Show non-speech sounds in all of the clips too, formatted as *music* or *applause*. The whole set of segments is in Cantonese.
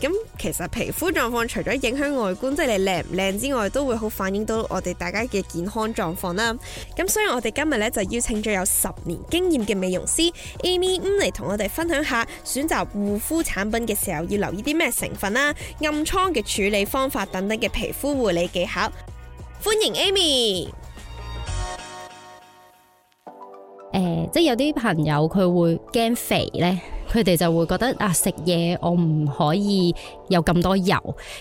咁其實皮膚狀況除咗影響外觀，即係你靚唔靚之外，都會好反映到我哋大家嘅健康狀況啦。咁所以我哋今日咧就邀請咗有十年經驗嘅美容師 Amy Ng 嚟同我哋分享下選擇護膚產品嘅時候要留意啲咩成分啦、暗瘡嘅處理方法等等嘅皮膚護理技巧。歡迎 Amy。誒、呃，即係有啲朋友佢會驚肥呢，佢哋就會覺得啊，食嘢我唔可以有咁多油。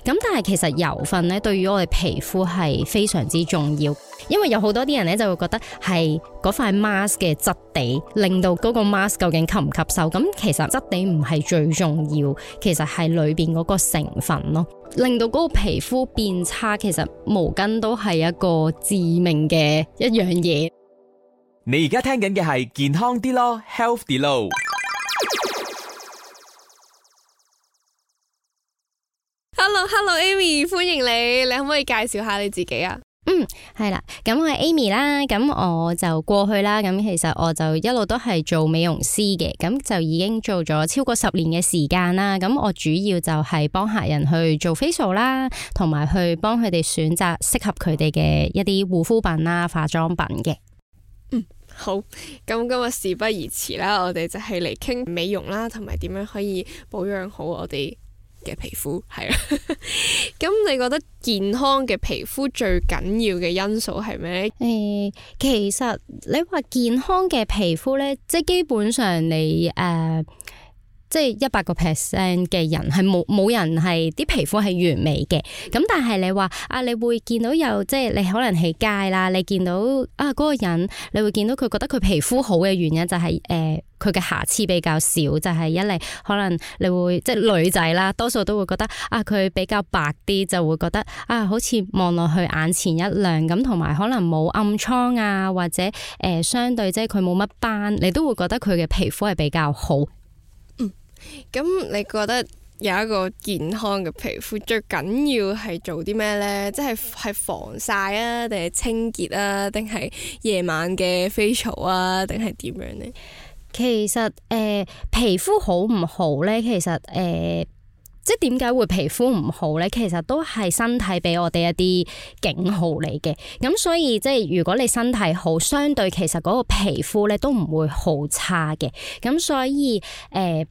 咁但係其實油分咧，對於我哋皮膚係非常之重要，因為有好多啲人咧就會覺得係嗰塊 mask 嘅質地，令到嗰個 mask 究竟吸唔吸收。咁其實質地唔係最重要，其實係裏邊嗰個成分咯，令到嗰個皮膚變差。其實毛巾都係一個致命嘅一樣嘢。你而家聽緊嘅係健康啲咯，Healthy Lo。Hello，Hello，Amy，歡迎你。你可唔可以介紹下你自己啊？嗯，係啦，咁我係 Amy 啦。咁我就過去啦。咁其實我就一路都係做美容師嘅，咁就已經做咗超過十年嘅時間啦。咁我主要就係幫客人去做 facial 啦，同埋去幫佢哋選擇適合佢哋嘅一啲護膚品啦、化妝品嘅。好，咁今日事不宜遲啦，我哋就係嚟傾美容啦，同埋點樣可以保養好我哋嘅皮膚，係啦。咁 *laughs* 你覺得健康嘅皮膚最緊要嘅因素係咩咧？誒，其實你話健康嘅皮膚呢，即係基本上你誒。呃即係一百個 percent 嘅人係冇冇人係啲皮膚係完美嘅。咁但係你話啊，你會見到有即係你可能喺街啦，你見到啊嗰個人，你會見到佢覺得佢皮膚好嘅原因就係誒佢嘅瑕疵比較少，就係一嚟可能你會即係女仔啦，多數都會覺得啊佢比較白啲，就會覺得啊好似望落去眼前一亮咁，同埋可能冇暗瘡啊或者誒相對即係佢冇乜斑，你都會覺得佢嘅皮膚係比較好。咁你覺得有一個健康嘅皮膚最緊要係做啲咩呢？即係係防曬啊，定係清潔啊，定係夜晚嘅 facial 啊，定係點樣呢？其實誒、呃，皮膚好唔好呢？其實誒、呃，即係點解會皮膚唔好呢？其實都係身體俾我哋一啲警號嚟嘅。咁所以即係如果你身體好，相對其實嗰個皮膚咧都唔會好差嘅。咁所以誒。呃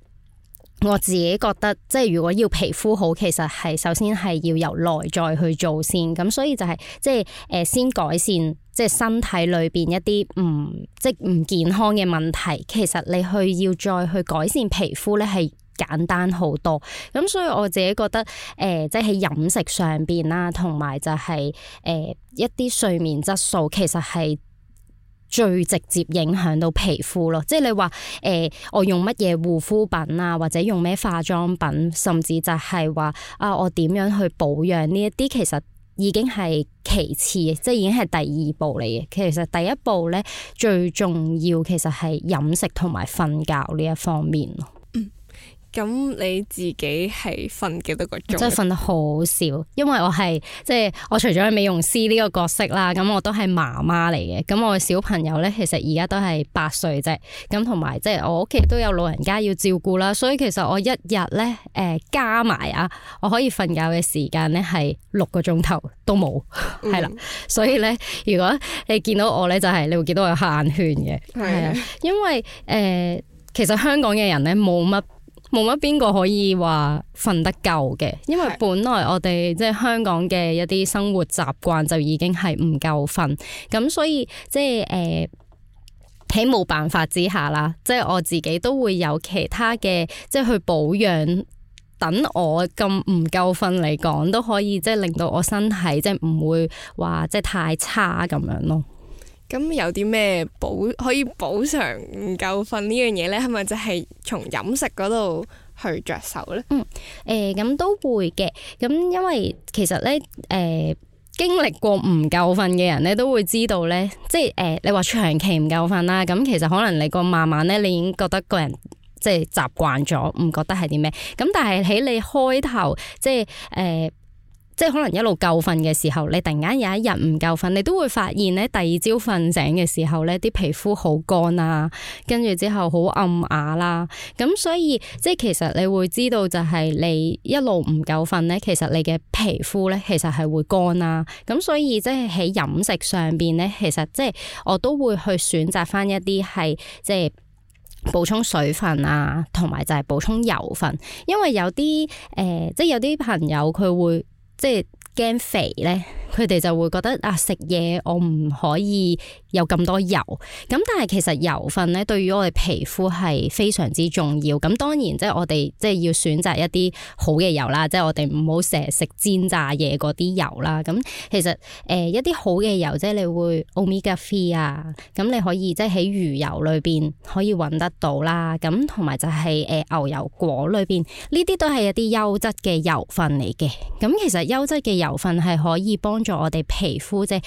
我自己覺得，即係如果要皮膚好，其實係首先係要由內在去做先，咁所以就係、是、即係誒、呃、先改善即係身體裏邊一啲唔即係唔健康嘅問題，其實你去要再去改善皮膚咧，係簡單好多。咁所以我自己覺得誒、呃，即係喺飲食上邊啦，同埋就係、是、誒、呃、一啲睡眠質素，其實係，最直接影響到皮膚咯，即係你話誒、呃，我用乜嘢護膚品啊，或者用咩化妝品，甚至就係話啊，我點樣去保養呢一啲，其實已經係其次，即係已經係第二步嚟嘅。其實第一步咧，最重要其實係飲食同埋瞓覺呢一方面咯。咁你自己係瞓幾多個鐘？即係瞓得好少，因為我係即係我除咗係美容師呢個角色啦，咁我都係媽媽嚟嘅。咁我嘅小朋友咧，其實而家都係八歲啫。咁同埋即係我屋企都有老人家要照顧啦，所以其實我一日咧誒加埋啊，我可以瞓覺嘅時間咧係六個鐘頭都冇，係啦、嗯。 *laughs* 所以咧，如果你見到我咧就係、是、你會見到我有黑眼圈嘅，係啊的， *laughs* 因為誒、呃、其實香港嘅人咧冇乜。冇乜邊個可以話瞓得夠嘅，因為本來我哋即係香港嘅一啲生活習慣就已經係唔夠瞓，咁所以即係誒喺冇辦法之下啦，即係我自己都會有其他嘅即係去保養，等我咁唔夠瞓嚟講都可以，即係令到我身體即係唔會話即係太差咁樣咯。咁有啲咩補可以補償唔夠瞓呢樣嘢咧？係咪就係從飲食嗰度去着手咧？嗯，誒咁都會嘅，咁因為其實咧，誒、呃、經歷過唔夠瞓嘅人咧，都會知道咧，即係誒、呃、你話長期唔夠瞓啦，咁其實可能你個慢慢咧，你已經覺得個人即係習慣咗，唔覺得係啲咩，咁但係喺你開頭即係誒。呃即係可能一路夠瞓嘅時候，你突然間有一日唔夠瞓，你都會發現咧，第二朝瞓醒嘅時候咧，啲皮膚好乾啊，跟住之後好暗啞啦。咁所以即係其實你會知道，就係你一路唔夠瞓咧，其實你嘅皮膚咧，其實係會乾啦、啊。咁所以即係喺飲食上邊咧，其實即係我都會去選擇返一啲係即係補充水分啊，同埋就係補充油分，因為有啲誒、呃，即係有啲朋友佢會。即係驚肥咧。佢哋就會覺得啊，食嘢我唔可以有咁多油，咁但係其實油分咧對於我哋皮膚係非常之重要。咁當然即係我哋即係要選擇一啲好嘅油啦，即係我哋唔好成日食煎炸嘢嗰啲油啦。咁其實誒、呃、一啲好嘅油即係你會 Omega 3啊，咁你可以即係喺魚油裏邊可以揾得到啦。咁同埋就係、是、誒、呃、牛油果裏邊呢啲都係一啲優質嘅油分嚟嘅。咁其實優質嘅油分係可以幫助我哋皮膚即係誒，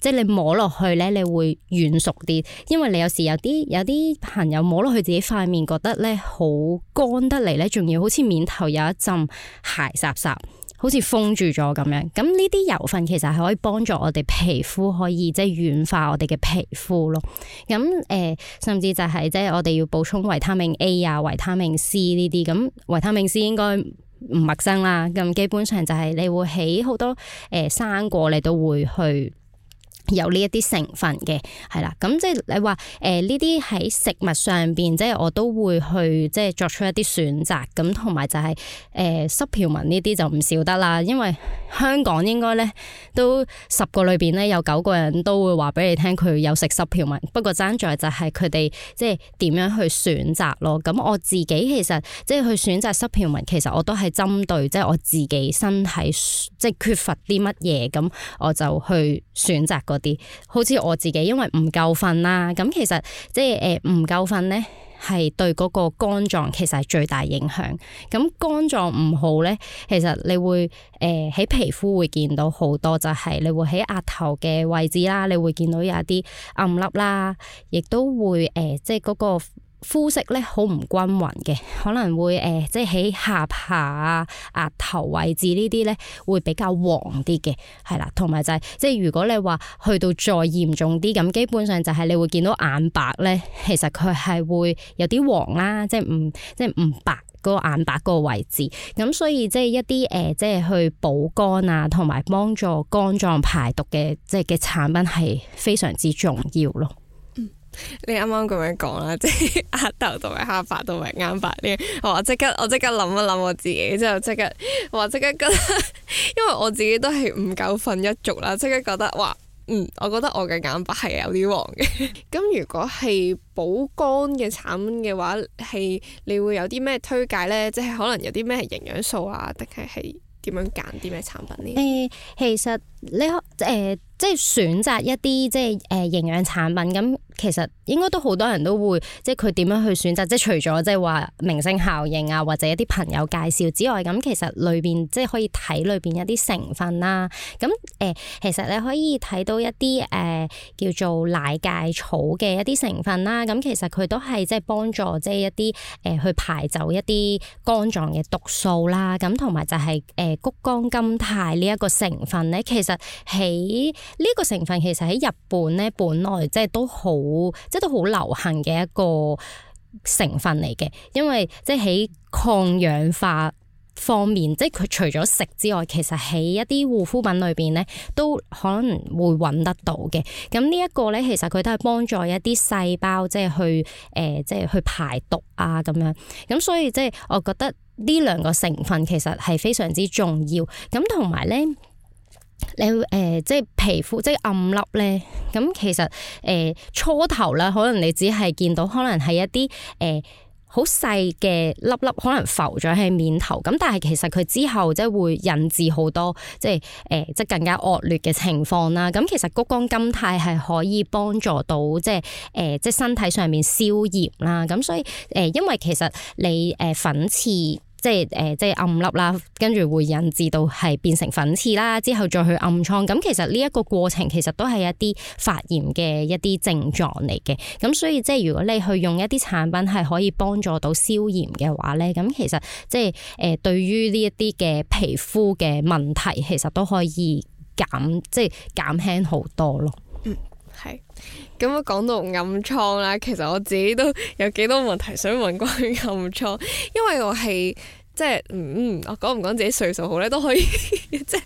即係、呃、你摸落去咧，你會軟熟啲。因為你有時有啲有啲朋友摸落去自己塊面，覺得咧好乾得嚟咧，仲要好似面頭有一陣鞋雜雜，好似封住咗咁樣。咁呢啲油份其實係可以幫助我哋皮膚可以即係軟化我哋嘅皮膚咯。咁誒、呃，甚至就係、是、即係我哋要補充維他命 A 啊，維他命 C 呢啲。咁維他命 C 應該。唔陌生啦，咁基本上就係你會起好多誒、呃、生果，你都會去。有呢一啲成分嘅，係啦，咁即係你話誒呢啲喺食物上邊，即係我都會去即係作出一啲選擇，咁同埋就係誒濕漂文呢啲就唔少得啦，因為香港應該咧都十個裏邊咧有九個人都會話俾你聽佢有食濕漂文，不過爭在就係佢哋即係點樣去選擇咯。咁我自己其實即係去選擇濕漂文，其實我都係針對即係我自己身體即係缺乏啲乜嘢，咁我就去選擇啲，好似我自己，因為唔夠瞓啦。咁其實即係誒，唔夠瞓咧，係對嗰個肝臟其實係最大影響。咁肝臟唔好咧，其實你會誒喺皮膚會見到好多，就係你會喺額頭嘅位置啦，你會見到有一啲暗粒啦，亦都會誒即係嗰個。膚色咧，好唔均勻嘅，可能會誒、呃，即係喺下巴啊、額頭位置呢啲咧，會比較黃啲嘅，係啦，同埋就係、是、即係如果你話去到再嚴重啲咁，基本上就係你會見到眼白咧，其實佢係會有啲黃啦，即係唔即係唔白嗰、那個眼白嗰個位置，咁所以即係一啲誒、呃，即係去補肝啊，同埋幫助肝臟排毒嘅即係嘅產品係非常之重要咯。你啱啱咁樣講啦，即係額頭同埋下巴同埋眼白呢？哇！即刻我即刻諗一諗我自己，即係即刻哇！即刻覺得，因為我自己都係唔夠瞓一族啦，即刻覺得哇嗯，我覺得我嘅眼白係有啲黃嘅。咁如果係補肝嘅產品嘅話，係你會有啲咩推介呢？即係可能有啲咩係營養素啊，定係係點樣揀啲咩產品呢？誒、呃，其實咧誒。你即係選擇一啲即係誒、呃、營養產品，咁其實應該都好多人都會即係佢點樣去選擇，即係除咗即係話明星效應啊，或者一啲朋友介紹之外，咁其實裏邊即係可以睇裏邊一啲成分啦。咁誒，其實你可以睇到一啲誒、呃、叫做奶薊草嘅一啲成分啦。咁其實佢都係即係幫助即係一啲誒、呃、去排走一啲肝臟嘅毒素啦。咁同埋就係、是、誒、呃、谷胱甘肽呢一個成分咧，其實喺呢個成分其實喺日本咧，本來即係都好，即係都好流行嘅一個成分嚟嘅。因為即係喺抗氧化方面，即係佢除咗食之外，其實喺一啲護膚品裏邊咧，都可能會搵得到嘅。咁呢一個咧，其實佢都係幫助一啲細胞，即係去誒、呃，即係去排毒啊咁樣。咁所以即係我覺得呢兩個成分其實係非常之重要。咁同埋咧。你誒、呃，即係皮膚即係暗粒咧，咁其實誒、呃、初頭啦，可能你只係見到可能係一啲誒好細嘅粒粒，可能浮咗喺面頭，咁但係其實佢之後即係會引致好多即係誒、呃、即係更加惡劣嘅情況啦。咁其實谷胱甘肽係可以幫助到即係誒、呃、即係身體上面消炎啦。咁所以誒、呃、因為其實你誒、呃、粉刺。即係誒，即係暗粒啦，跟住會引致到係變成粉刺啦，之後再去暗瘡。咁其實呢一個過程其實都係一啲發炎嘅一啲症狀嚟嘅。咁所以即係如果你去用一啲產品係可以幫助到消炎嘅話咧，咁其實即係誒，對於呢一啲嘅皮膚嘅問題，其實都可以減即係減輕好多咯。係，咁我講到暗瘡啦，其實我自己都有幾多問題想問關於暗瘡，因為我係即係嗯，我講唔講自己歲數好呢都可以， *laughs* 即係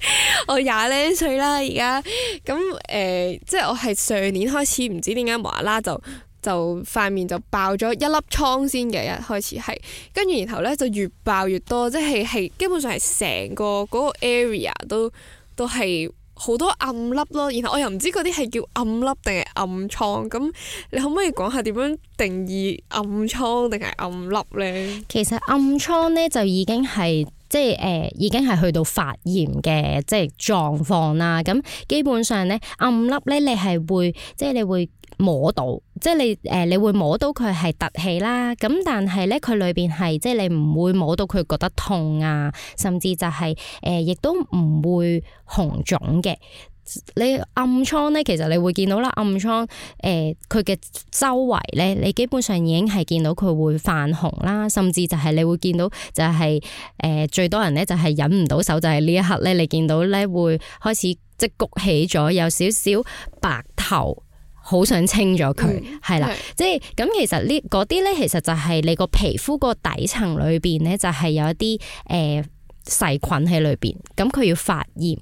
我廿零歲啦而家，咁誒、呃，即係我係上年開始唔知點解無啦啦就就塊面就，就爆咗一粒瘡先嘅，一開始係，跟住然後呢就越爆越多，即係係基本上係成個嗰個 area 都都係。好多暗粒咯，然後我又唔知嗰啲係叫暗粒定係暗瘡，咁你可唔可以講下點樣定義暗瘡定係暗粒咧？其實暗瘡咧就已經係即係誒、呃，已經係去到發炎嘅即係狀況啦。咁基本上咧，暗粒咧你係會即係你會摸到，即係你誒、呃，你會摸到佢係凸起啦。咁但係咧，佢裏邊係即係你唔會摸到佢覺得痛啊，甚至就係、是、誒、亦、呃、都唔會紅腫嘅。你暗瘡咧，其實你會見到啦，暗瘡誒，佢、呃、嘅周圍咧，你基本上已經係見到佢會泛紅啦，甚至就係你會見到就係、是、誒、呃，最多人咧就係忍唔到手，就係、是、呢一刻咧，你見到咧會開始即係谷起咗，有少少白頭。好想清咗佢，係啦，即係咁。其實呢嗰啲咧，其實就係你個皮膚個底層裏邊咧，就係有一啲誒細菌喺裏邊。咁佢要發炎，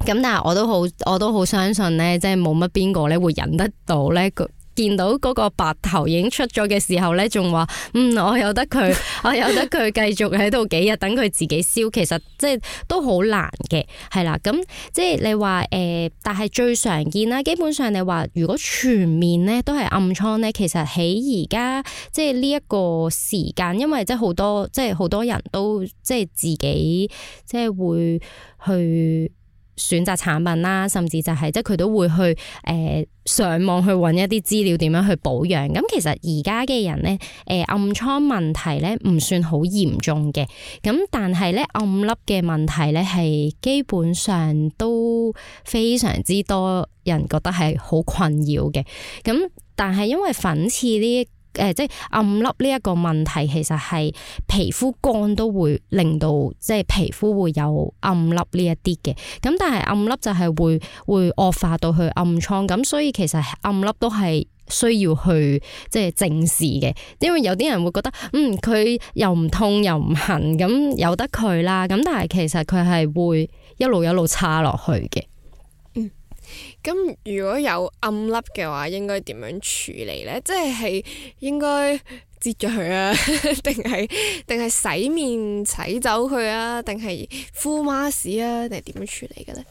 咁但係我都好，我都好相信咧，即係冇乜邊個咧會忍得到咧個。見到嗰個白頭影出咗嘅時候咧，仲話嗯，我由得佢， *laughs* 我由得佢繼續喺度幾日等佢自己消，其實即係都好難嘅，係啦。咁即係你話誒、呃，但係最常見啦，基本上你話如果全面咧都係暗瘡咧，其實喺而家即係呢一個時間，因為即係好多即係好多人都即係自己即係會去。選擇產品啦，甚至就係即係佢都會去誒、呃、上網去揾一啲資料點樣去保養。咁其實而家嘅人呢，誒、呃、暗瘡問題呢唔算好嚴重嘅，咁但係呢，暗粒嘅問題呢係基本上都非常之多人覺得係好困擾嘅。咁但係因為粉刺呢，誒、呃，即係暗粒呢一個問題，其實係皮膚乾都會令到即係皮膚會有暗粒呢一啲嘅。咁但係暗粒就係會會惡化到去暗瘡，咁所以其實暗粒都係需要去即係正視嘅。因為有啲人會覺得嗯，佢又唔痛又唔痕，咁由得佢啦。咁但係其實佢係會一路一路差落去嘅。咁如果有暗粒嘅話，應該點樣處理呢？即係係應該截咗佢啊，定係定係洗面洗走佢啊，定係敷 mask 啊，定係點樣處理嘅咧？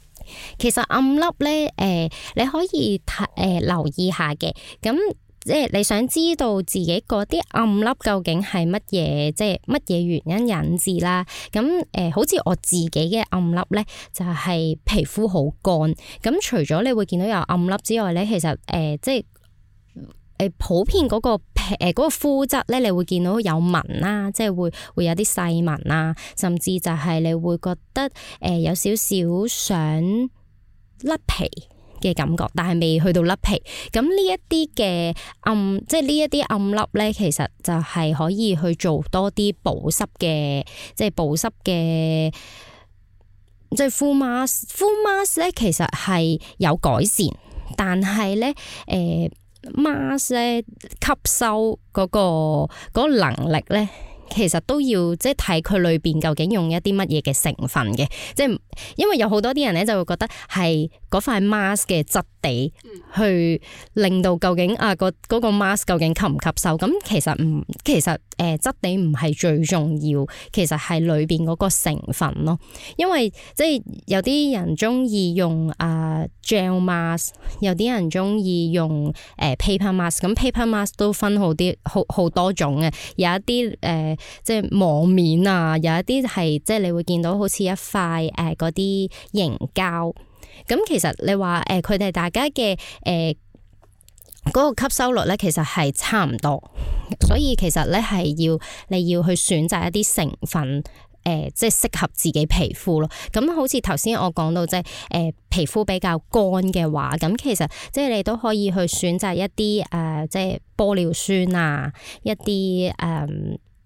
其實暗粒呢，誒、呃，你可以睇、誒、呃、留意下嘅，咁。即係你想知道自己嗰啲暗粒究竟係乜嘢，即係乜嘢原因引致啦？咁誒、呃，好似我自己嘅暗粒呢，就係、是、皮膚好乾。咁除咗你會見到有暗粒之外呢，其實誒、呃，即係誒、呃、普遍嗰個皮誒嗰、呃嗰個膚質呢，你會見到有紋啦，即係會會有啲細紋啦。甚至就係你會覺得誒、呃、有少少想甩皮嘅感覺，但係未去到甩皮。咁呢一啲嘅暗，即係呢一啲暗粒呢，其實就係可以去做多啲保濕嘅，即係保濕嘅，即係敷 mask，敷 mask 呢，其實係有改善，但係呢，誒 mask 呢吸收嗰個嗰個能力呢。其實都要即係睇佢裏邊究竟用一啲乜嘢嘅成分嘅，即係因為有好多啲人咧就會覺得係塊 mask 嘅質地。地去令到究竟啊、嗰個嗰、嗰個 mask 究竟吸唔吸收？咁其實唔其實誒質、呃、地唔係最重要，其實係裏邊嗰個成分咯。因為即係有啲人中意用啊、呃、gel mask，有啲人中意用誒、呃、paper mask。咁 paper mask 都分好啲好好多種嘅，有一啲誒、呃、即係網面啊，有一啲係即係你會見到好似一塊誒嗰啲凝膠。呃咁其實你話誒，佢、呃、哋大家嘅誒嗰個吸收率咧，其實係差唔多，所以其實咧係要你要去選擇一啲成分誒、呃，即係適合自己皮膚咯。咁好似頭先我講到即係誒皮膚比較乾嘅話，咁其實即係你都可以去選擇一啲誒、呃，即係玻尿酸啊，一啲誒。呃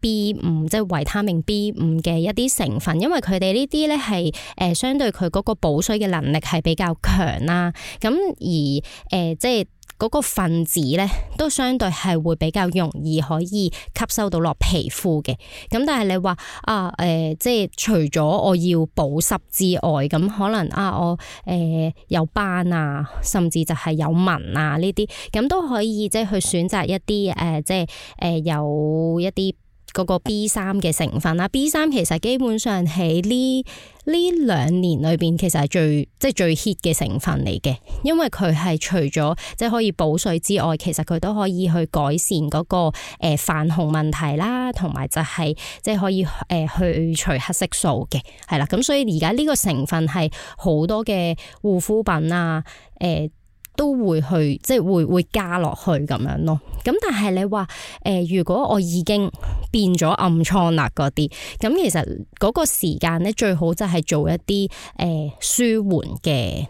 B 五即係維他命 B 五嘅一啲成分，因為佢哋呢啲咧係誒相對佢嗰個補水嘅能力係比較強啦、啊。咁而誒、呃、即係嗰個分子咧都相對係會比較容易可以吸收到落皮膚嘅。咁但係你話啊誒、呃、即係除咗我要保濕之外，咁可能啊我誒、呃、有斑啊，甚至就係有紋啊呢啲，咁都可以即係去選擇一啲誒、呃、即係誒、呃、有一啲。嗰個 B 三嘅成分啦，B 三其實基本上喺呢呢兩年裏邊，其實係最即係最 hit 嘅成分嚟嘅，因為佢係除咗即係可以補水之外，其實佢都可以去改善嗰、嗰個、呃、泛紅問題啦，同埋就係、是、即係可以誒、呃、去除黑色素嘅，係啦，咁所以而家呢個成分係好多嘅護膚品啊，誒、呃。都會去即係會會加落去咁樣咯。咁但係你話誒、呃，如果我已經變咗暗瘡啦嗰啲，咁其實嗰個時間咧最好就係做一啲誒、呃、舒緩嘅，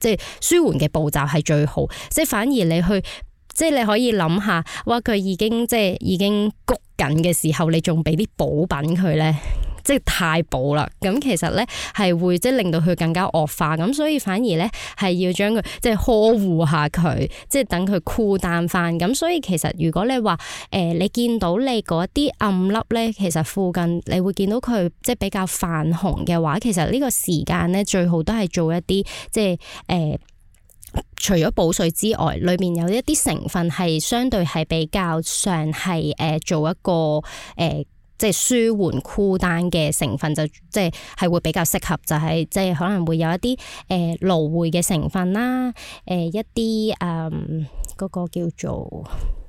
即係舒緩嘅步驟係最好。即係反而你去，即係你可以諗下，哇！佢已經即係已經谷緊嘅時候，你仲俾啲補品佢咧？即係太補啦，咁其實咧係會即係令到佢更加惡化，咁所以反而咧係要將佢即係呵護下佢，即係等佢 cool down 翻。咁所以其實如果你話誒、呃、你見到你嗰啲暗粒咧，其實附近你會見到佢即係比較泛紅嘅話，其實呢個時間咧最好都係做一啲即係誒、呃、除咗補水之外，裏面有一啲成分係相對係比較上係誒做一個誒。呃即係舒緩 cool down 嘅成分就即係係會比較適合就係、是、即係可能會有一啲誒蘆薈嘅成分啦，誒、呃、一啲誒嗰個叫做。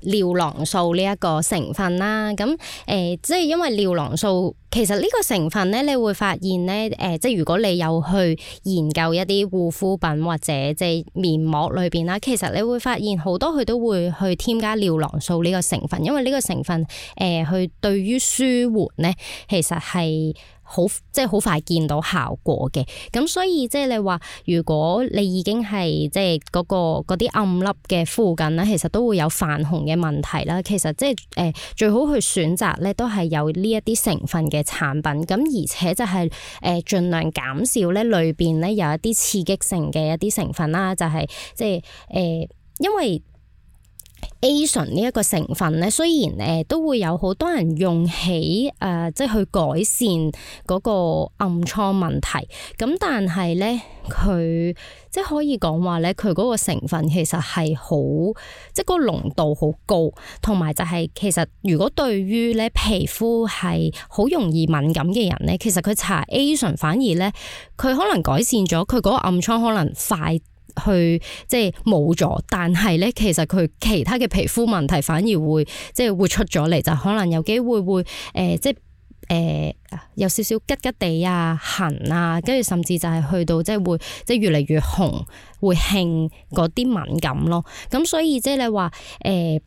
尿囊素呢一個成分啦，咁、呃、誒，即係因為尿囊素其實呢個成分咧，你會發現咧，誒、呃，即係如果你有去研究一啲護膚品或者即係面膜裏邊啦，其實你會發現好多佢都會去添加尿囊素呢個成分，因為呢個成分誒，佢、呃、對於舒緩咧，其實係。好即係好快見到效果嘅，咁所以即係你話，如果你已經係即係嗰個嗰啲暗粒嘅附近咧，其實都會有泛紅嘅問題啦。其實即係誒，最好去選擇咧都係有呢一啲成分嘅產品，咁而且就係誒盡量減少咧裏邊咧有一啲刺激性嘅一啲成分啦，就係即係誒，因為。A 醇呢一個成分咧，雖然誒都會有好多人用起誒、呃，即係去改善嗰個暗瘡問題。咁但係咧，佢即係可以講話咧，佢嗰個成分其實係好，即係個濃度好高，同埋就係其實如果對於咧皮膚係好容易敏感嘅人咧，其實佢搽 A 醇，反而咧，佢可能改善咗佢嗰個暗瘡可能快。去即係冇咗，但係咧，其實佢其他嘅皮膚問題反而會即係會出咗嚟，就可能有機會會誒、呃、即係誒、呃、有少少吉吉地啊痕啊，跟住甚至就係去到即係會即係越嚟越紅，會興嗰啲敏感咯。咁、嗯、所以即係你話誒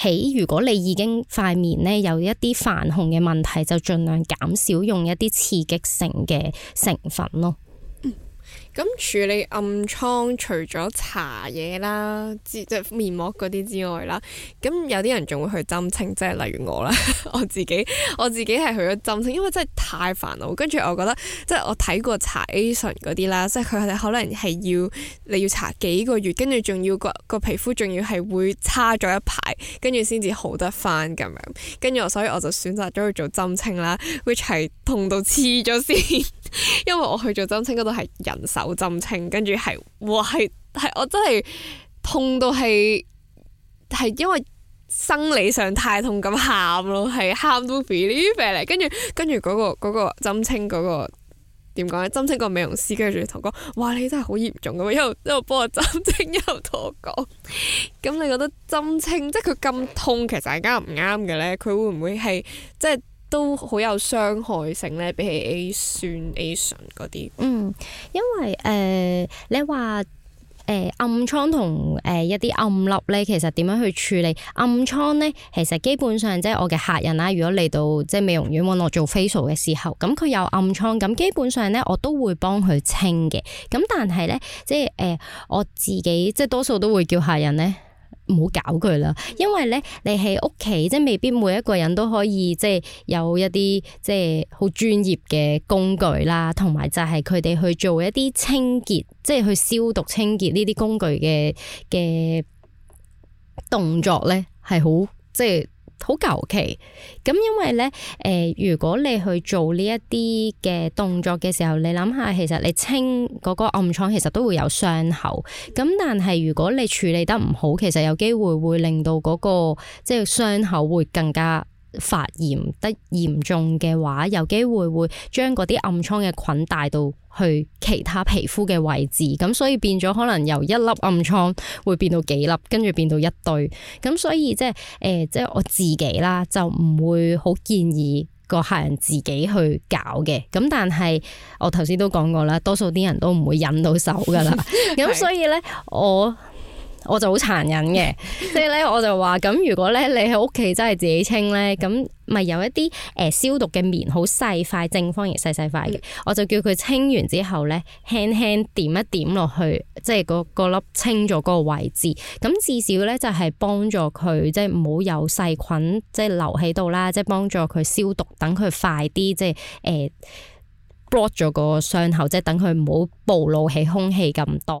起，如果你已經塊面咧有一啲泛紅嘅問題，就盡量減少用一啲刺激性嘅成分咯。咁處理暗瘡除咗搽嘢啦，即係面膜嗰啲之外啦，咁有啲人仲會去針清，即係例如我啦， *laughs* 我自己我自己係去咗針清，因為真係太煩惱，跟住我覺得即係我睇過搽 A 醇嗰啲啦，即係佢哋可能係要你要搽幾個月，跟住仲要個個皮膚仲要係會差咗一排，跟住先至好得翻咁樣，跟住我所以我就選擇咗去做針清啦，which 係痛到黐咗線。因為我去做針清嗰度係人手針清，跟住係，哇係係我真係痛到係係，因為生理上太痛咁喊咯，係喊到鼻涕鼻嚟。跟住跟住嗰個嗰個針清嗰個點講咧？針清個美容師跟住同我講，哇你真係好嚴重咁，一路一路幫我針清，一路同我講。咁 *laughs* 你覺得針清即係佢咁痛，其實係啱唔啱嘅咧？佢會唔會係即係？都好有傷害性咧，比起 A 酸、A 醇嗰啲。嗯，因為誒、呃，你話誒、呃、暗瘡同誒、呃、一啲暗粒咧，其實點樣去處理暗瘡咧？其實基本上即係我嘅客人啦，如果嚟到即係美容院搵我做 facial 嘅時候，咁佢有暗瘡，咁基本上咧我都會幫佢清嘅。咁但係咧，即係誒、呃、我自己，即係多數都會叫客人咧。唔好搞佢啦，因為咧，你喺屋企，即係未必每一個人都可以，即係有一啲即係好專業嘅工具啦，同埋就係佢哋去做一啲清潔，即係去消毒清潔呢啲工具嘅嘅動作咧，係好即係。好求其咁，因為咧，誒、呃，如果你去做呢一啲嘅動作嘅時候，你諗下，其實你清嗰個暗瘡，其實都會有傷口。咁但係如果你處理得唔好，其實有機會會令到嗰、那個即係、就是、傷口會更加。發炎得嚴重嘅話，有機會會將嗰啲暗瘡嘅菌帶到去其他皮膚嘅位置，咁所以變咗可能由一粒暗瘡會變到幾粒，跟住變到一堆，咁所以即係誒，即係我自己啦，就唔會好建議個客人自己去搞嘅。咁但係我頭先都講過啦，多數啲人都唔會忍到手㗎喇，咁 *laughs* 所以呢， *laughs* 我。我就好殘忍嘅，即係咧，我就話咁。如果咧你喺屋企真係自己清咧，咁咪有一啲誒消毒嘅棉，好細塊正方形，細細塊嘅。我就叫佢清完之後咧，輕輕點一點落去，即係嗰粒清咗嗰個位置。咁至少咧就係幫助佢，即係唔好有細菌即係留喺度啦，即係幫助佢消毒，等佢快啲，即係誒，block 咗個傷口，即係等佢唔好暴露喺空氣咁多。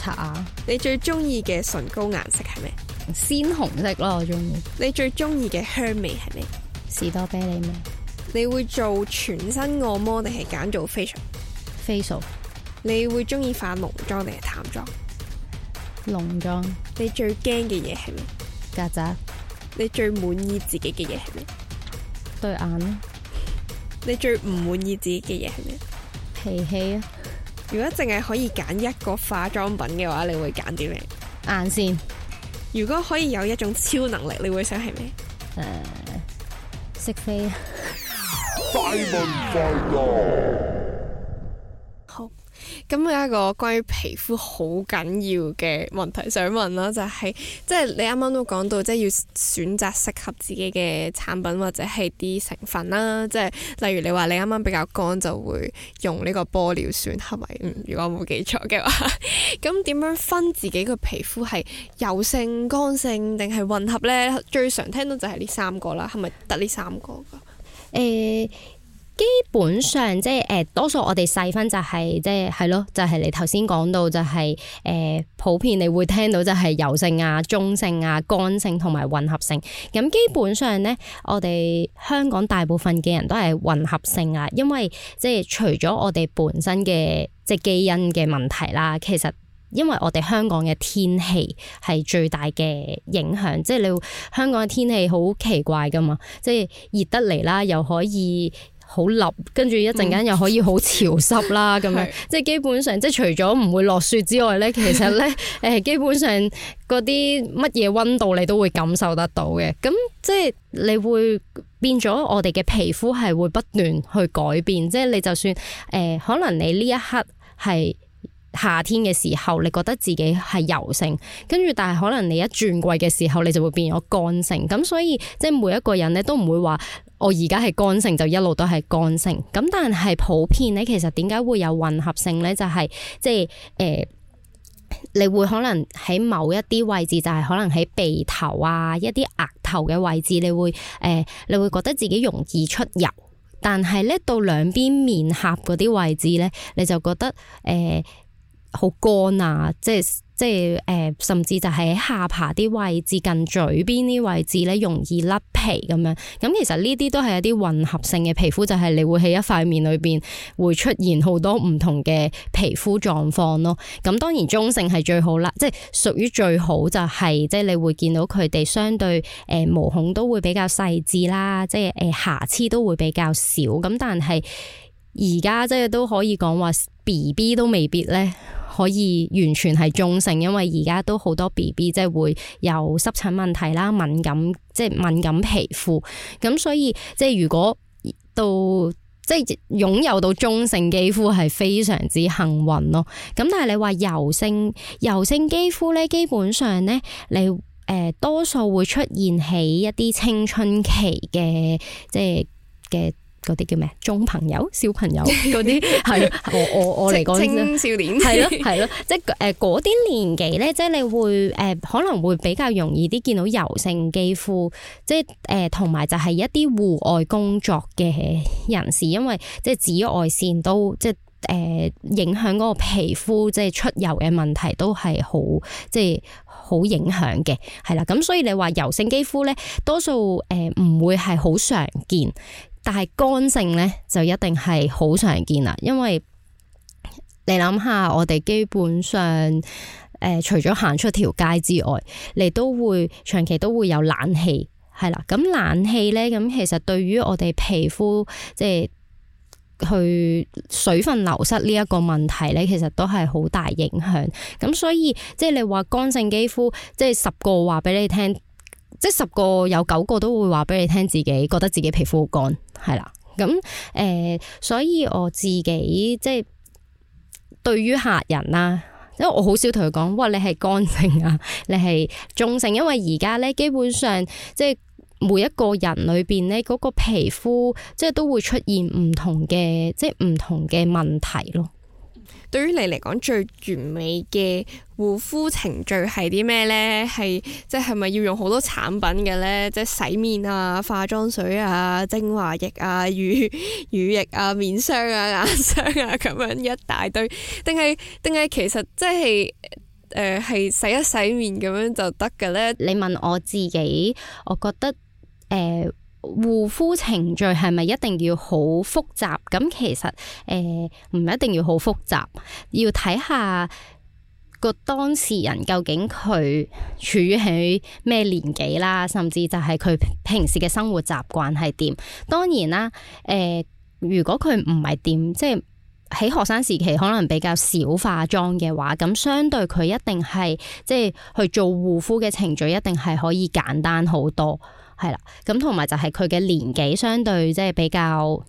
啊！茶你最中意嘅唇膏顏色係咩？鮮紅色咯，我中意。你最中意嘅香味係咩？士多啤梨味。你會做全身按摩定係揀做 facial？facial。F acial? 你會中意化濃妝定係淡妝？濃妝妝。你最驚嘅嘢係咩？曱甴螂。你最滿意自己嘅嘢係咩？對眼。你最唔滿意自己嘅嘢係咩？脾氣啊。如果淨係可以揀一個化妝品嘅話，你會揀啲咩？眼線性。如果可以有一種超能力，你會想係咩？識、uh, 飛。 *laughs* 快咁有、哦、一個關於皮膚好緊要嘅問題想問啦，就係即係你啱啱都講到，即、就、係、是、要選擇適合自己嘅產品或者係啲成分啦。即、就、係、是、例如你話你啱啱比較乾就會用呢個玻尿酸，係咪？嗯，如果我冇記錯嘅話。咁 *laughs* 點樣分自己個皮膚係油性、乾性定係混合呢？最常聽到就係呢三個啦，係咪得呢三個噶？誒。欸基本上即係誒，多數我哋細分就係即係係咯，就係、是就是、你頭先講到就係、是、誒、呃，普遍你會聽到就係油性啊、中性啊、乾性同埋混合性。咁、嗯、基本上咧，我哋香港大部分嘅人都係混合性啊，因為即係除咗我哋本身嘅即係基因嘅問題啦，其實因為我哋香港嘅天氣係最大嘅影響。即、就、係、是、你香港嘅天氣好奇怪㗎嘛，即係熱得嚟啦，又可以。好立，跟住一陣間又可以好潮濕啦，咁、嗯、樣， *laughs* 是 即係基本上，即係除咗唔會落雪之外咧， *laughs* 其實咧，誒，基本上嗰啲乜嘢温度你都會感受得到嘅。咁即係你會變咗，我哋嘅皮膚係會不斷去改變。即係你就算誒、呃，可能你呢一刻係夏天嘅時候，你覺得自己係油性，跟住但係可能你一轉季嘅時候，你就會變咗乾性。咁所以即係每一個人咧都唔會話。我而家係乾性，就一路都係乾性。咁但係普遍咧，其實點解會有混合性呢？就係即係誒，你會可能喺某一啲位置，就係、是、可能喺鼻頭啊，一啲額頭嘅位置，你會誒、呃，你會覺得自己容易出油，但係呢，到兩邊面頰嗰啲位置呢，你就覺得誒好乾啊，即、就、係、是。即係誒、呃，甚至就係喺下巴啲位置，近嘴邊啲位置咧，容易甩皮咁樣。咁其實呢啲都係一啲混合性嘅皮膚，就係、是、你會喺一塊面裏邊會出現好多唔同嘅皮膚狀況咯。咁當然中性係最好啦，即係屬於最好就係、是、即係你會見到佢哋相對誒、呃、毛孔都會比較細緻啦，即係誒、呃、瑕疵都會比較少。咁但係而家即係都可以講話 BB 都未必咧。可以完全係中性，因為而家都好多 B B 即係會有濕疹問題啦，敏感即係敏感皮膚，咁所以即係如果到即係擁有到中性肌膚係非常之幸運咯。咁但係你話油性油性肌膚咧，基本上咧你誒、呃、多數會出現喺一啲青春期嘅即係嘅。嗰啲叫咩？中朋友、小朋友嗰啲，係 *laughs* 我我我嚟講，青少年，係咯係咯，即係誒嗰啲年紀咧，即係你會誒、呃、可能會比較容易啲見到油性肌膚，即係誒同埋就係一啲戶外工作嘅人士，因為即係紫外線都即係誒、呃、影響嗰個皮膚即係出油嘅問題都係好即係好影響嘅係啦。咁所以你話油性肌膚咧，多數誒唔會係好常見。但係乾性呢，就一定係好常見啦，因為你諗下，我哋基本上誒、呃、除咗行出條街之外，你都會長期都會有冷氣係啦。咁冷氣呢，咁其實對於我哋皮膚，即係去水分流失呢一個問題呢，其實都係好大影響。咁所以即係你話乾性肌膚，即係十個話俾你聽。即係十個有九個都會話俾你聽，自己覺得自己皮膚好乾係啦，咁誒、呃，所以我自己即係對於客人啦，因為我好少同佢講，哇，你係乾性啊，你係中性，因為而家咧基本上即係每一個人裏邊咧嗰個皮膚即係都會出現唔同嘅即係唔同嘅問題咯。對於你嚟講最完美嘅護膚程序係啲咩呢？係即係咪要用好多產品嘅呢？即係洗面啊、化妝水啊、精華液啊、乳乳液啊、面霜啊、眼霜啊咁樣一大堆，定係定係其實即係誒係洗一洗面咁樣就得嘅呢？你問我自己，我覺得誒。呃護膚程序係咪一定要好複雜？咁其實誒唔，呃，一定要好複雜，要睇下個當事人究竟佢處於喺咩年紀啦，甚至就係佢平時嘅生活習慣係點。當然啦，誒，呃，如果佢唔係點，即係喺學生時期可能比較少化妝嘅話，咁相對佢一定係即係去做護膚嘅程序，一定係可以簡單好多。係啦，咁同埋就係佢嘅年紀相對即係比較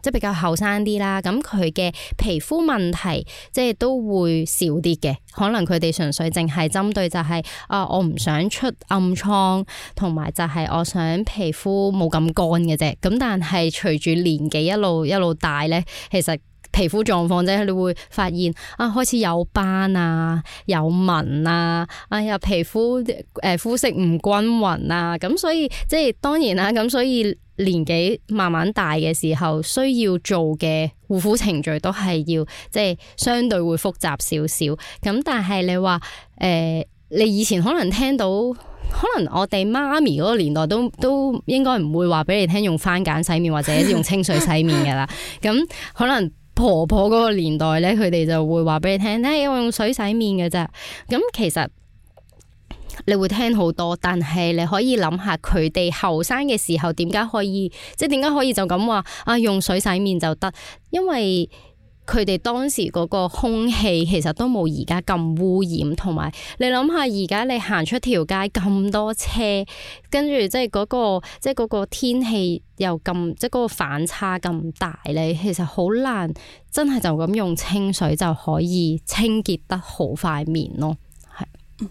即係、就是、比較後生啲啦，咁佢嘅皮膚問題即係都會少啲嘅，可能佢哋純粹淨係針對就係、是、啊，我唔想出暗瘡，同埋就係我想皮膚冇咁乾嘅啫，咁但係隨住年紀一路一路大咧，其實。皮膚狀況啫，你會發現啊，開始有斑啊，有紋啊，哎呀，皮膚誒、呃、膚色唔均勻啊。咁、嗯、所以即係當然啦，咁、啊、所以年紀慢慢大嘅時候，需要做嘅護膚程序都係要即係相對會複雜少少。咁、嗯、但係你話誒、呃，你以前可能聽到，可能我哋媽咪嗰個年代都都應該唔會話俾你聽用番梘洗面，或者用清水洗面㗎喇。咁 *laughs* 可能。婆婆嗰個年代咧，佢哋就會話俾你聽，誒、哎，我用水洗面嘅啫。咁其實你會聽好多，但係你可以諗下佢哋後生嘅時候點解可以，即係點解可以就咁話啊用水洗面就得，因為。佢哋當時嗰個空氣其實都冇而家咁污染，同埋你諗下，而家你行出條街咁多車，跟住即係嗰個即係嗰個天氣又咁，即係嗰個反差咁大咧，其實好難真係就咁用清水就可以清潔得好塊面咯。係。嗯，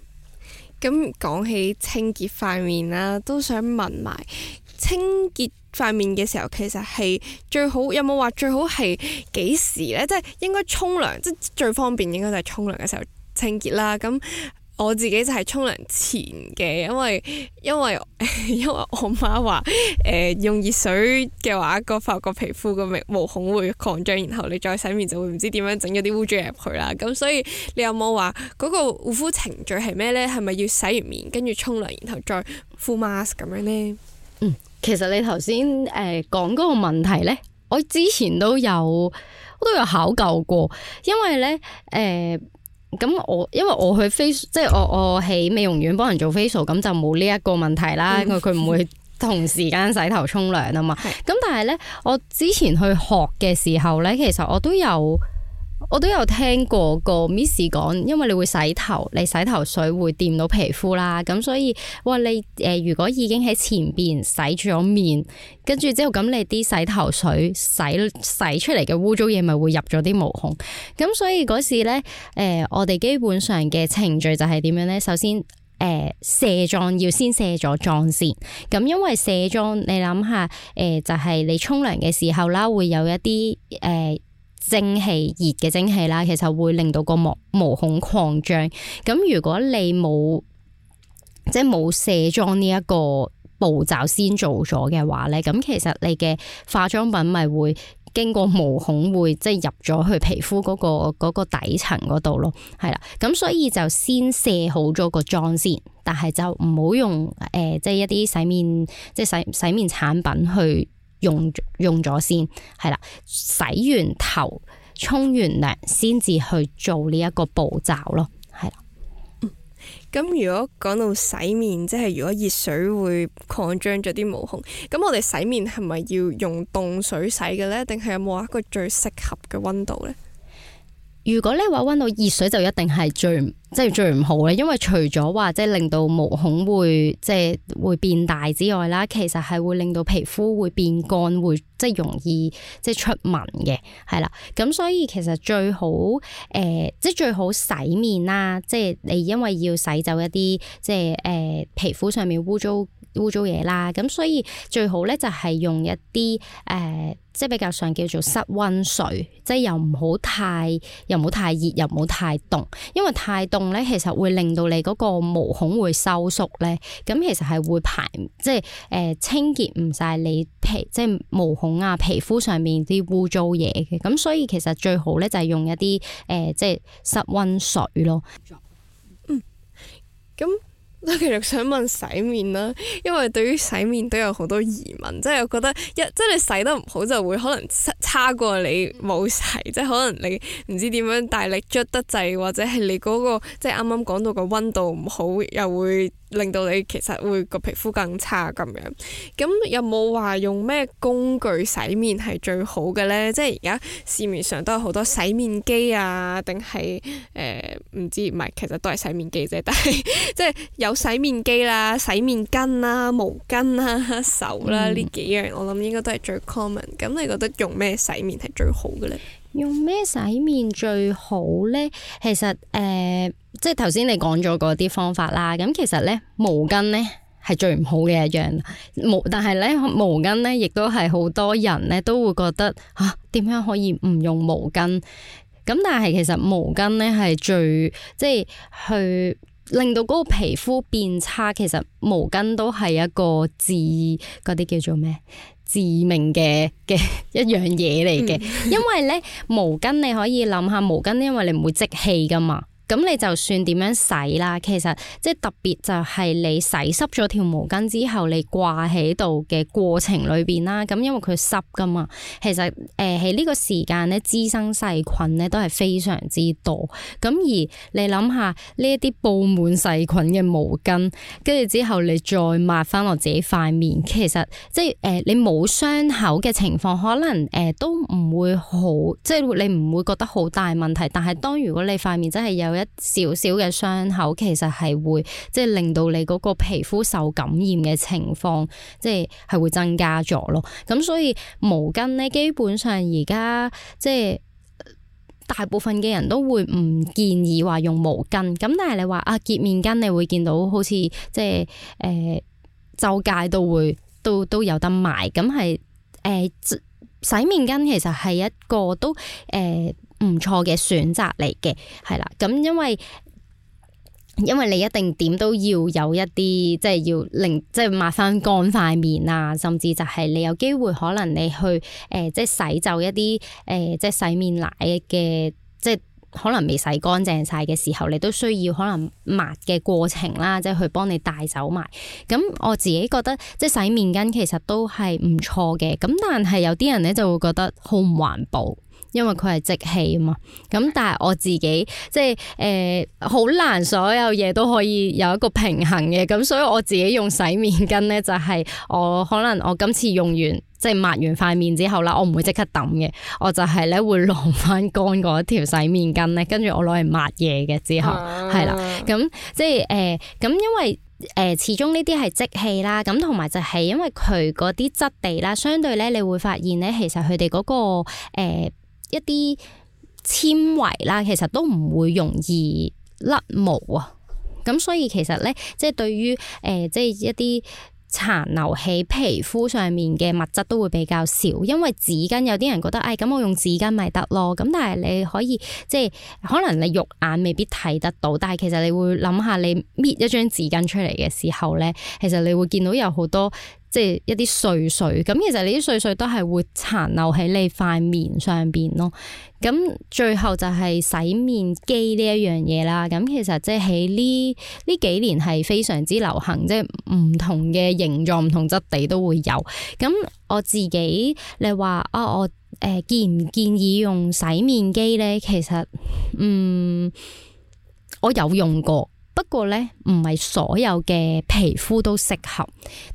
咁講起清潔塊面啦，都想問埋清潔塊面嘅時候其實係最好，有冇話最好係幾時呢？即係應該沖涼，即係最方便，應該就係沖涼嘅時候清潔啦。咁我自己就係沖涼前嘅，因為因為 *laughs* 因為我媽、呃、話誒用熱水嘅話個髮個皮膚個毛孔會擴張，然後你再洗面就會唔知點樣整咗啲污濁入去啦。咁所以你有冇話嗰個護膚程序係咩呢？係咪要洗完面跟住沖涼，然後再敷 mask 咁樣呢？嗯，其實你頭先誒講嗰個問題咧，我之前都有都有考究過，因為咧誒咁我因為我去 facial 即係我我喺美容院幫人做 facial，咁就冇呢一個問題啦，嗯、因為佢唔會同時間洗頭沖涼啊嘛。咁 *laughs* 但係咧，我之前去學嘅時候咧，其實我都有。我都有聽過個 Miss 講，因為你會洗頭，你洗頭水會掂到皮膚啦，咁所以哇，你誒、呃、如果已經喺前邊洗咗面，跟住之後咁你啲洗頭水洗洗出嚟嘅污糟嘢，咪會入咗啲毛孔，咁所以嗰時咧誒、呃，我哋基本上嘅程序就係點樣咧？首先誒、呃、卸妝要先卸咗妝先，咁因為卸妝你諗下誒，就係、是、你沖涼嘅時候啦，會有一啲誒。呃蒸氣熱嘅蒸氣啦，其實會令到個毛毛孔擴張。咁如果你冇即係冇卸妝呢一個步驟先做咗嘅話咧，咁其實你嘅化妝品咪會經過毛孔會即係入咗去皮膚嗰個嗰個底層嗰度咯，係啦。咁所以就先卸好咗個妝先，但係就唔好用誒，即係一啲洗面即係洗洗面產品去。用用咗先，係啦，洗完頭，沖完涼先至去做呢一個步驟咯，係啦。咁，嗯，如果講到洗面，即係如果熱水會擴張咗啲毛孔，咁我哋洗面係咪要用凍水洗嘅呢？定係有冇一個最適合嘅溫度呢？如果咧話溫到熱水就一定係最即係、就是、最唔好咧，因為除咗話即係令到毛孔會即係會變大之外啦，其實係會令到皮膚會變乾，會即係容易即係出紋嘅，係啦。咁所以其實最好誒、呃，即係最好洗面啦，即係你因為要洗走一啲即係誒、呃、皮膚上面污糟。污糟嘢啦，咁所以最好咧就係用一啲誒、呃，即係比較上叫做室溫水，即係又唔好太，又唔好太熱，又唔好太凍，因為太凍咧，其實會令到你嗰個毛孔會收縮咧，咁其實係會排，即係誒、呃、清潔唔晒你皮，即係毛孔啊皮膚上面啲污糟嘢嘅，咁所以其實最好咧就係用一啲誒、呃，即係室溫水咯。嗯，咁。我其實想問洗面啦，因為對於洗面都有好多疑問，即係我覺得一，即係你洗得唔好就會可能差過你冇洗，即係可能你唔知點樣大力捽得滯，或者係你嗰個即係啱啱講到個溫度唔好，又會。令到你其實會個皮膚更差咁樣，咁有冇話用咩工具洗面係最好嘅呢？即係而家市面上都有好多洗面機啊，定係誒唔知唔係，其實都係洗面機啫。但係即係有洗面機啦、洗面巾啦、毛巾啦、啊、手啦、啊、呢、嗯、幾樣，我諗應該都係最 common。咁你覺得用咩洗面係最好嘅呢？用咩洗面最好呢？其實誒、呃，即係頭先你講咗嗰啲方法啦。咁其實呢，毛巾呢係最唔好嘅一樣。無但係呢，毛巾呢亦都係好多人呢都會覺得吓，點、啊、樣可以唔用毛巾？咁但係其實毛巾呢係最，即係去令到嗰個皮膚變差。其實毛巾都係一個治嗰啲叫做咩？致命嘅嘅一樣嘢嚟嘅，因為呢 *laughs* 毛巾你可以諗下，毛巾因為你唔會積氣噶嘛。咁你就算點樣洗啦，其實即係特別就係你洗濕咗條毛巾之後，你掛喺度嘅過程裏邊啦。咁因為佢濕噶嘛，其實誒喺呢個時間咧滋生細菌咧都係非常之多。咁而你諗下呢一啲布滿細菌嘅毛巾，跟住之後你再抹翻落自己塊面，其實即係誒、呃、你冇傷口嘅情況可能誒、呃、都唔會好，即係你唔會覺得好大問題，但係當如果你塊面真係有一少少嘅傷口，其實係會即係令到你嗰個皮膚受感染嘅情況，即係係會增加咗咯。咁所以毛巾呢，基本上而家即係大部分嘅人都會唔建議話用毛巾。咁但係你話啊，潔面巾你會見到好似即係誒、呃，周街都會都都有得賣。咁係誒，洗面巾其實係一個都誒。呃唔錯嘅選擇嚟嘅，係啦，咁因為因為你一定點都要有一啲，即係要令，即係抹翻乾塊面啊，甚至就係你有機會可能你去誒、呃，即係洗走一啲誒、呃，即係洗面奶嘅，即係可能未洗乾淨晒嘅時候，你都需要可能抹嘅過程啦，即係去幫你帶走埋。咁我自己覺得即係洗面巾其實都係唔錯嘅，咁但係有啲人咧就會覺得好唔環保。因為佢係即棄啊嘛，咁但係我自己即係誒好難所有嘢都可以有一個平衡嘅，咁所以我自己用洗面巾咧，就係、是、我可能我今次用完即係抹完塊面之後啦，我唔會即刻抌嘅，我就係咧會晾翻乾嗰一條洗面巾咧，跟住我攞嚟抹嘢嘅之後係啦，咁、啊、即係誒咁因為誒、呃、始終呢啲係即棄啦，咁同埋就係因為佢嗰啲質地啦，相對咧你會發現咧，其實佢哋嗰個、呃一啲纖維啦，其實都唔會容易甩毛啊，咁所以其實咧，即係對於誒、呃，即係一啲殘留喺皮膚上面嘅物質都會比較少，因為紙巾有啲人覺得，唉、哎，咁我用紙巾咪得咯，咁但係你可以即係可能你肉眼未必睇得到，但係其實你會諗下，你搣一張紙巾出嚟嘅時候咧，其實你會見到有好多。即係一啲碎碎咁，其實你啲碎碎都係會殘留喺你塊面上邊咯。咁最後就係洗面機呢一樣嘢啦。咁其實即係喺呢呢幾年係非常之流行，即係唔同嘅形狀、唔同質地都會有。咁我自己你話啊、哦，我誒、呃、建唔建議用洗面機呢？其實嗯，我有用過。不過呢，唔係所有嘅皮膚都適合，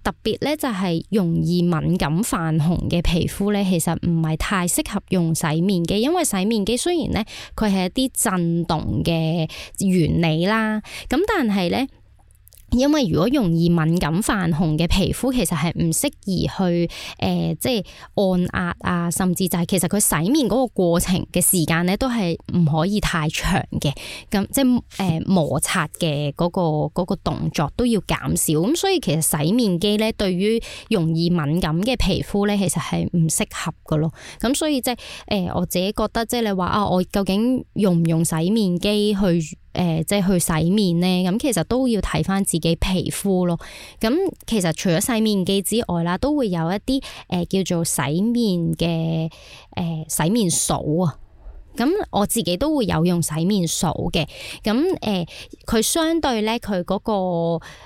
特別呢，就係容易敏感泛紅嘅皮膚呢，其實唔係太適合用洗面機，因為洗面機雖然呢，佢係一啲震動嘅原理啦，咁但係呢。因為如果容易敏感泛紅嘅皮膚，其實係唔適宜去誒、呃，即係按壓啊，甚至就係其實佢洗面嗰個過程嘅時間咧，都係唔可以太長嘅。咁即係誒摩擦嘅嗰、嗰個嗰、嗰個動作都要減少。咁所以其實洗面機咧，對於容易敏感嘅皮膚咧，其實係唔適合噶咯。咁所以即係誒、呃，我自己覺得即係你話啊，我究竟用唔用洗面機去？誒、呃，即係去洗面咧，咁其實都要睇翻自己皮膚咯。咁其實除咗洗面機之外啦，都會有一啲誒、呃、叫做洗面嘅誒洗面掃啊。咁我自己都會有用洗面掃嘅。咁誒，佢、呃、相對咧，佢嗰、嗰個、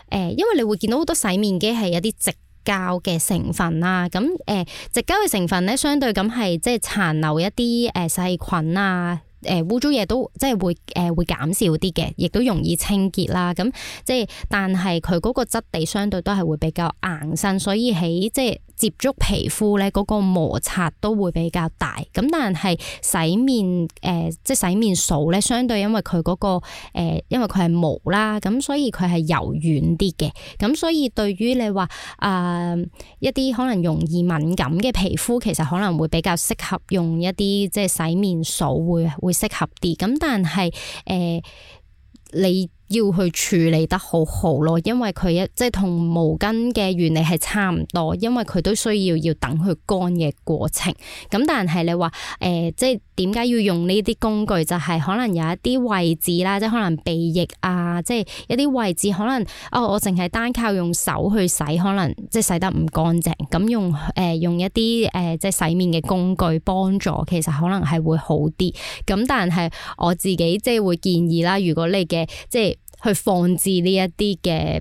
呃、因為你會見到好多洗面機係一啲直膠嘅成分啦。咁誒、呃，直膠嘅成分咧，相對咁係即係殘留一啲誒、呃、細菌啊。誒污糟嘢都即係會誒、呃、會減少啲嘅，亦都容易清潔啦。咁即係，但係佢嗰個質地相對都係會比較硬身，所以喺即係接觸皮膚咧，嗰個摩擦都會比較大。咁但係洗面誒、呃、即係洗面乳洗面掃咧，相對因為佢嗰、嗰個、呃、因為佢係毛啦，咁所以佢係柔軟啲嘅。咁所以對於你話誒、呃、一啲可能容易敏感嘅皮膚，其實可能會比較適合用一啲即係洗面掃會。會適合啲咁，但係誒、呃、你。要去處理得好好咯，因為佢一即係同毛巾嘅原理係差唔多，因為佢都需要要等佢乾嘅過程。咁但係你話誒、呃，即係點解要用呢啲工具？就係、是、可能有一啲位置啦，即係可能鼻翼啊，即係一啲位置可能哦，我淨係單靠用手去洗，可能即係洗得唔乾淨。咁用誒、呃、用一啲誒、呃、即係洗面嘅工具幫助，其實可能係會好啲。咁但係我自己即係會建議啦，如果你嘅即係。去放置呢一啲嘅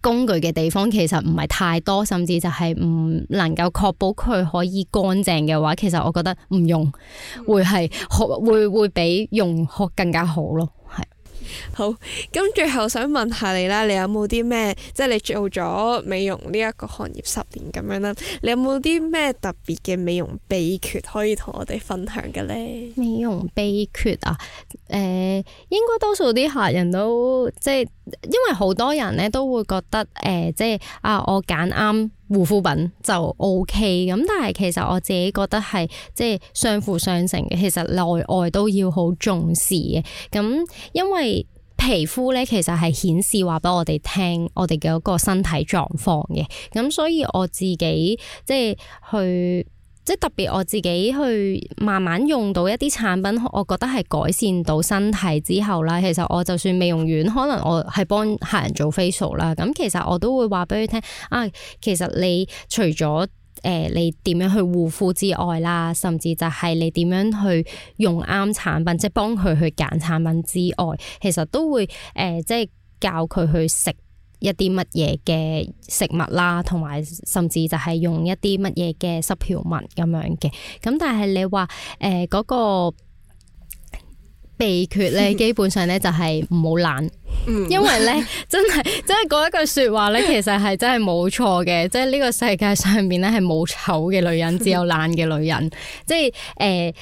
工具嘅地方，其實唔係太多，甚至就係唔能夠確保佢可以乾淨嘅話，其實我覺得唔用會係學會會比用學更加好咯。好，咁最後想問下你啦，你有冇啲咩，即係你做咗美容呢一個行業十年咁樣啦，你有冇啲咩特別嘅美容秘訣可以同我哋分享嘅呢？美容秘訣啊，誒、呃，應該多數啲客人都即係，因為好多人咧都會覺得誒、呃，即係啊，我揀啱。護膚品就 OK 咁，但係其實我自己覺得係即係相輔相成嘅，其實內外都要好重視嘅。咁因為皮膚呢，其實係顯示話俾我哋聽，我哋嘅一個身體狀況嘅。咁所以我自己即係去。即特別我自己去慢慢用到一啲產品，我覺得係改善到身體之後啦。其實我就算美容院，可能我係幫客人做 facial 啦。咁其實我都會話俾佢聽啊。其實你除咗誒、呃、你點樣去護膚之外啦，甚至就係你點樣去用啱產品，即係幫佢去揀產品之外，其實都會誒、呃、即係教佢去食。一啲乜嘢嘅食物啦，同埋甚至就係用一啲乜嘢嘅濕條紋咁樣嘅。咁但係你話誒嗰個秘訣咧，基本上咧就係唔好懶，嗯，因為咧真係真係嗰一句說話咧，其實係真係冇錯嘅，即係呢個世界上面咧係冇醜嘅女人，只有懶嘅女人，即係誒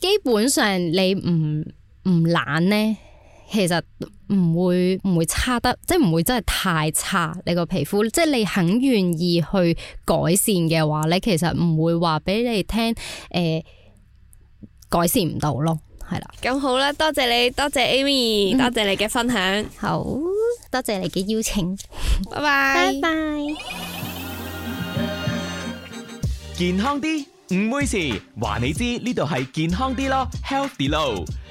基本上你唔唔懶咧。其實唔會唔會差得，即係唔會真係太差你個皮膚，即係你肯願意去改善嘅話咧，其實唔會話俾你聽誒，呃，改善唔到咯，係啦。咁好啦，多謝你，多謝 Amy，嗯，多謝你嘅分享，好多謝你嘅邀請，拜拜，拜拜。健康啲唔會事，話你知呢度係健康啲咯，Healthy 路。